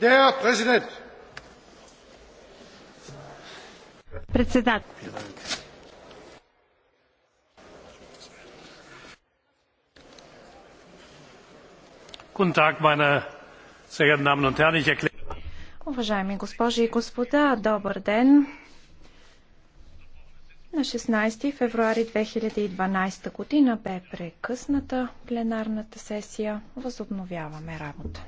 Der Präsident. Председател. Guten Tag, meine sehr geehrten Damen und Herren. Ich erkläre. Уважаеми госпожи и господа, добър ден! На 16 февруари 2012 година бе прекъсната пленарната сесия. Възобновяваме работа.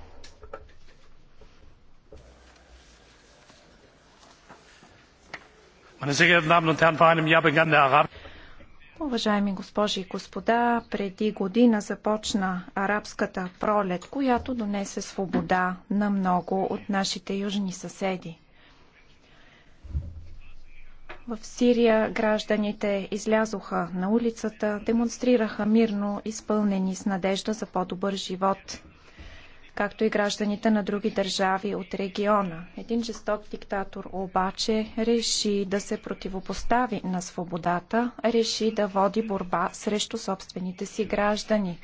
Уважаеми госпожи и господа, преди година започна арабската пролет, която донесе свобода на много от нашите южни съседи. В Сирия гражданите излязоха на улицата, демонстрираха мирно, изпълнени с надежда за по-добър живот както и гражданите на други държави от региона. Един жесток диктатор обаче реши да се противопостави на свободата, реши да води борба срещу собствените си граждани.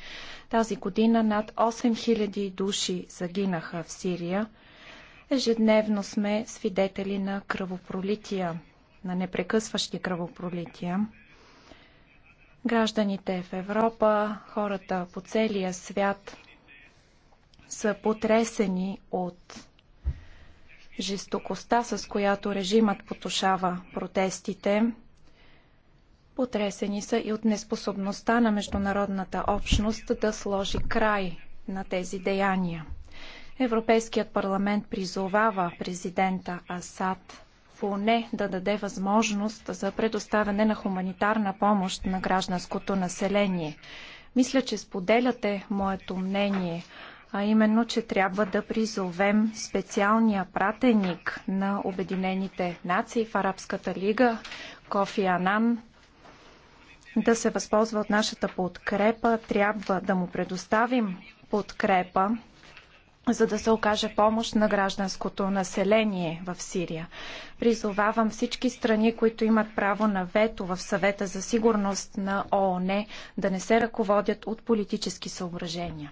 Тази година над 8000 души загинаха в Сирия. Ежедневно сме свидетели на кръвопролития, на непрекъсващи кръвопролития. Гражданите в Европа, хората по целия свят са потресени от жестокостта, с която режимът потушава протестите. Потресени са и от неспособността на международната общност да сложи край на тези деяния. Европейският парламент призовава президента Асад поне да даде възможност за предоставяне на хуманитарна помощ на гражданското население. Мисля, че споделяте моето мнение – а именно, че трябва да призовем специалния пратеник на Обединените нации в Арабската лига, Кофи Анан, да се възползва от нашата подкрепа. Трябва да му предоставим подкрепа, за да се окаже помощ на гражданското население в Сирия. Призовавам всички страни, които имат право на вето в съвета за сигурност на ООН, да не се ръководят от политически съображения.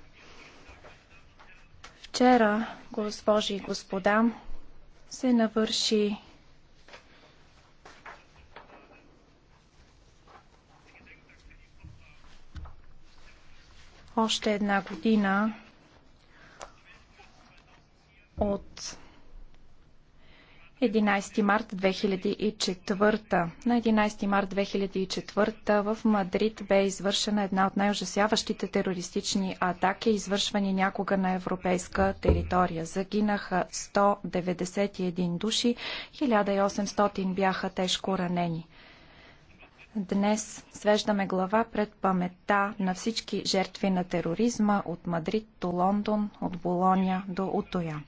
Вчера, госпожи и господа, се навърши още една година от 11 март 2004. На 11 март 2004 в Мадрид бе извършена една от най-ужасяващите терористични атаки, извършвани някога на европейска територия. Загинаха 191 души, 1800 бяха тежко ранени. Днес свеждаме глава пред паметта на всички жертви на тероризма от Мадрид до Лондон, от Болония до Утоя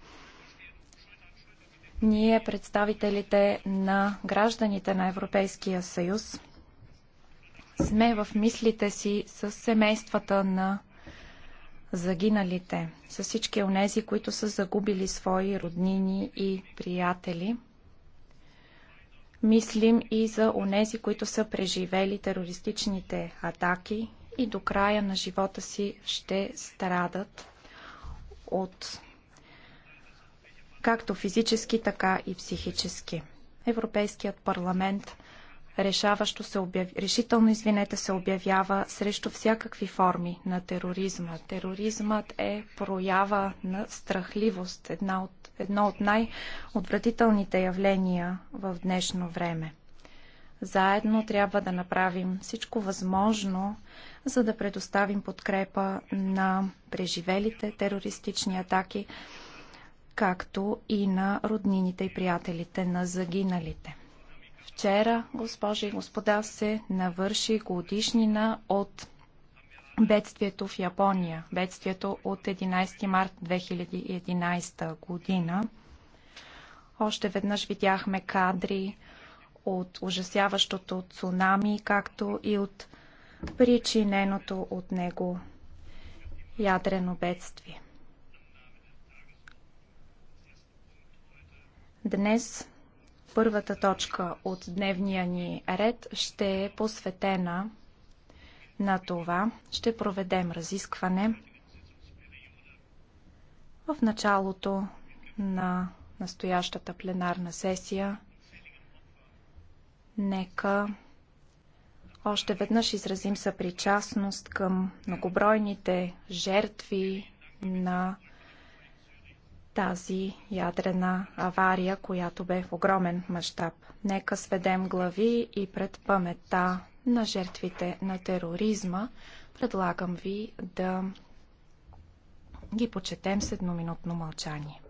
ние, представителите на гражданите на Европейския съюз, сме в мислите си с семействата на загиналите, с всички онези, които са загубили свои роднини и приятели. Мислим и за онези, които са преживели терористичните атаки и до края на живота си ще страдат от както физически, така и психически. Европейският парламент решаващо се обяв... решително извинете се обявява срещу всякакви форми на тероризма. Тероризмът е проява на страхливост, една от, едно от най-отвратителните явления в днешно време. Заедно трябва да направим всичко възможно, за да предоставим подкрепа на преживелите терористични атаки, както и на роднините и приятелите на загиналите. Вчера, госпожи и господа, се навърши годишнина от бедствието в Япония, бедствието от 11 март 2011 година. Още веднъж видяхме кадри от ужасяващото цунами, както и от причиненото от него ядрено бедствие. Днес първата точка от дневния ни ред ще е посветена на това. Ще проведем разискване в началото на настоящата пленарна сесия. Нека още веднъж изразим съпричастност към многобройните жертви на тази ядрена авария, която бе в огромен мащаб. Нека сведем глави и пред паметта на жертвите на тероризма. Предлагам ви да ги почетем с едноминутно мълчание.